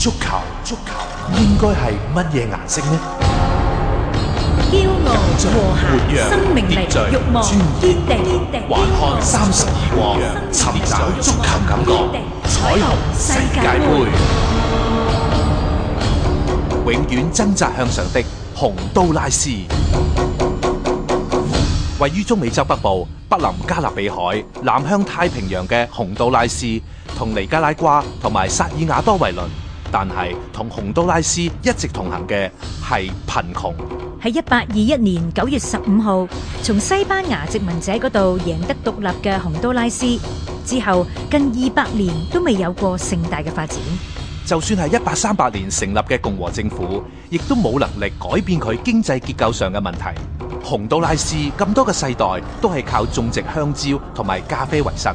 足球，足球應該係乜嘢顏色呢？驕傲、和諧、生命力、慾望、堅定，還看三十二國，尋找足球感覺。彩虹世界杯，永遠掙扎向上的洪都拉斯，位於中美洲北部，北臨加勒比海，南向太平洋嘅洪都拉斯，同尼加拉瓜同埋薩爾瓦多為鄰。但係同洪都拉斯一直同行嘅係貧窮。喺一八二一年九月十五號，從西班牙殖民者嗰度贏得獨立嘅洪都拉斯之後，近二百年都未有過盛大嘅發展。就算係一八三八年成立嘅共和政府，亦都冇能力改變佢經濟結構上嘅問題。洪都拉斯咁多個世代都係靠種植香蕉同埋咖啡為生。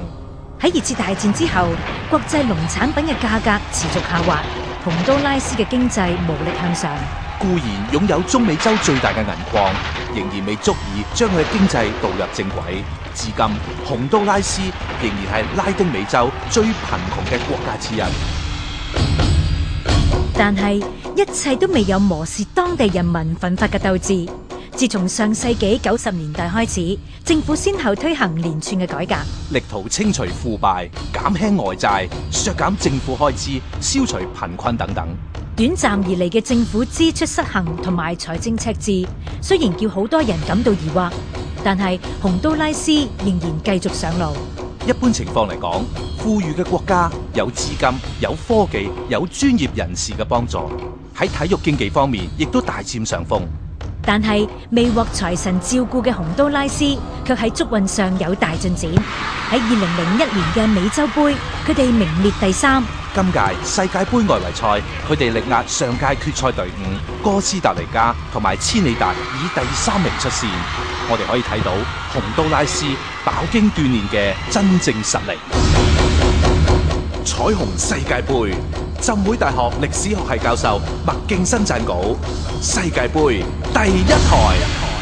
喺二次大戰之後，國際農產品嘅價格持續下滑。洪都拉斯嘅經濟無力向上，固然擁有中美洲最大嘅銀礦，仍然未足以將佢嘅經濟導入正軌。至今，洪都拉斯仍然係拉丁美洲最貧窮嘅國家之一。但係，一切都未有磨蝕當地人民奮發嘅鬥志。自從上世紀九十年代開始，政府先後推行連串嘅改革，力圖清除腐敗、減輕外債、削減政府開支、消除貧困等等。短暫而嚟嘅政府支出失衡同埋財政赤字，雖然叫好多人感到疑惑，但係洪都拉斯仍然繼續上路。一般情況嚟講，富裕嘅國家有資金、有科技、有專業人士嘅幫助，喺體育競技方面亦都大占上風。但係未獲財神照顧嘅洪都拉斯，卻喺足運上有大進展。喺二零零一年嘅美洲杯，佢哋名列第三。今屆世界杯外圍賽，佢哋力壓上屆決賽隊伍哥斯達黎加同埋千里達，以第三名出線。我哋可以睇到洪都拉斯飽經鍛煉嘅真正實力。彩虹世界杯。浸會大學歷史學系教授麥勁生撰稿，世界杯第一台。